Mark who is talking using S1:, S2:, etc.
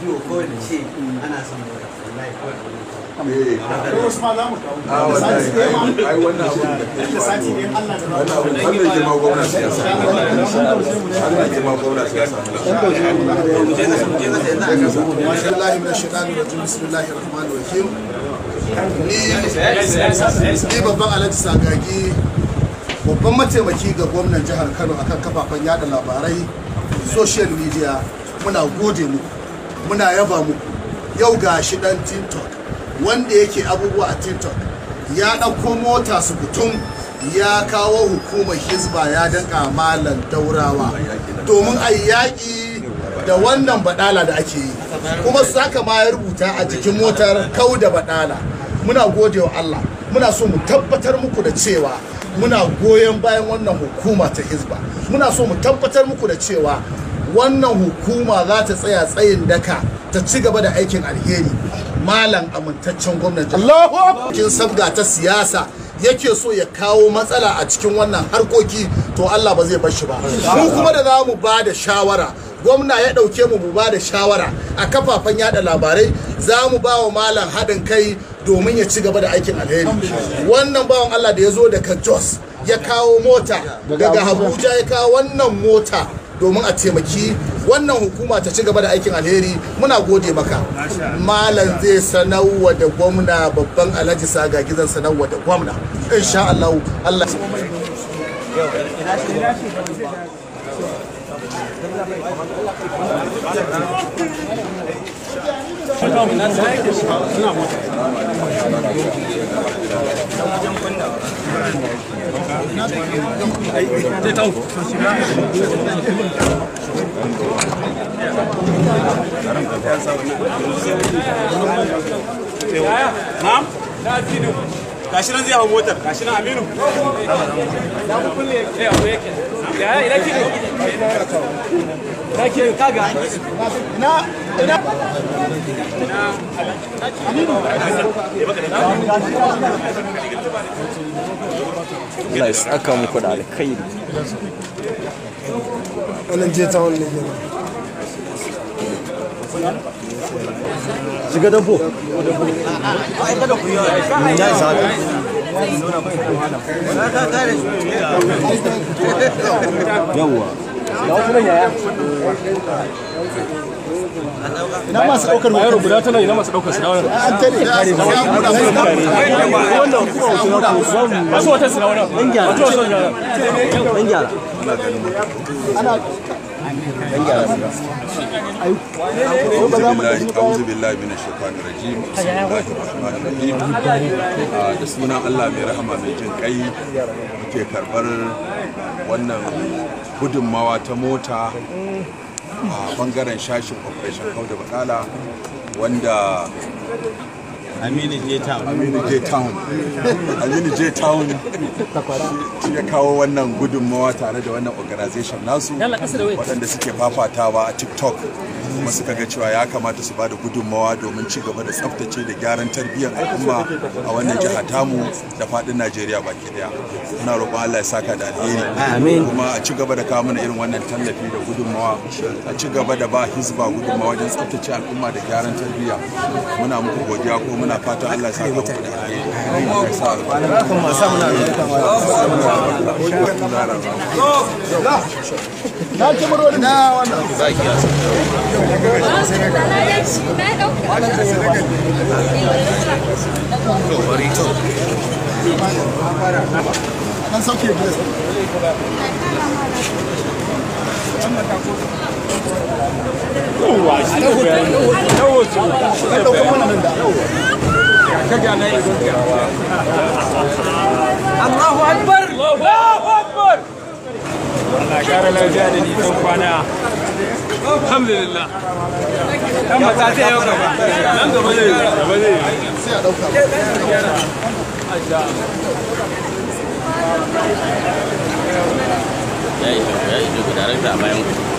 S1: bidiyo kawai da ce mm. ana son da wallahi kawai da wani eh.
S2: ah, ne ni babban alhaji sagagi babban mataimaki ga gwamnan jihar kano akan kafafen yada labarai social media muna gode muku muna yaba muku yau ga shi dan tiktok wanda yake abubuwa a tiktok ya ɗauko mota su kutum ya kawo hukumar hizba ya danka malan daurawa domin a yaƙi da wannan baɗala da ake yi kuma saka ma ya rubuta a jikin motar kau da baɗala muna gode wa allah muna so mu tabbatar muku da cewa muna goyon bayan wannan hukuma ta hizba muna so mu tabbatar muku da cewa wannan hukuma za ta tsaya tsayin daka ta ci gaba da aikin alheri malam amintaccen gwamnati Allahu sabga ta siyasa yake so ya kawo matsala a cikin wannan harkoki to Allah ba zai bar shi ba mu kuma da za mu ba da shawara gwamna ya ɗauke mu mu ba da shawara a kafafen yada labarai zamu ba wa malam haɗin kai domin ya ci gaba da aikin alheri wannan bawan Allah da ya zo daga Jos ya kawo mota daga Abuja ya kawo wannan mota domin a taimaki wannan hukuma ta ci gaba da aikin alheri muna gode maka malam zai sanarwa da gwamna babban alhaji saga gizan sanarwa da gwamna insha Allah Allah
S1: Na'am? Na fi gashi nan zai hau motar aminu ya ina ina ki ina ki kaga
S2: ina ina
S1: Allah ya saka muku da alkhairi
S2: wannan je tawon ne
S1: shiga dabbo dabbo a a da ku yi ya isa yawwa ga
S2: ina masu daukar guda ina masu daukar an tare kare ba wannan kuma wata sinawar gyara gyara
S1: ana أعوذ بالله من الشيطان الرجيم بسم الله الرحمن الرحيم da sunan Allah mai rahama mai jin kai muke karɓar wannan gudunmawa ta mota a bangaren shashin operation kau da bakala wanda aminu j town aminu j town aminu j town shi ya kawo wannan gudunmawa tare da wannan organization nasu waɗanda suke fafatawa a tiktok kuma suka ga cewa ya kamata su bada gudunmawa domin ci gaba da tsaftace da gyaran tarbiyyar al'umma a wannan jiha tamu da faɗin najeriya baki daya muna roƙon allah ya saka da alheri kuma a ci gaba da kawo mana irin wannan tallafi da gudunmawa a ci gaba da ba hizba gudunmawa wajen tsaftace al'umma da gyaran tarbiyya muna muku godiya ko muna fata allah ya saka muku da alheri Dan sauke ya ne. Allah kara lafiya da nisan kwana. Alhamdulillah. ta yau gaba. Nan gaba gaba Sai a dauka. Yayi, yayi, duk da ranta a bayan ku.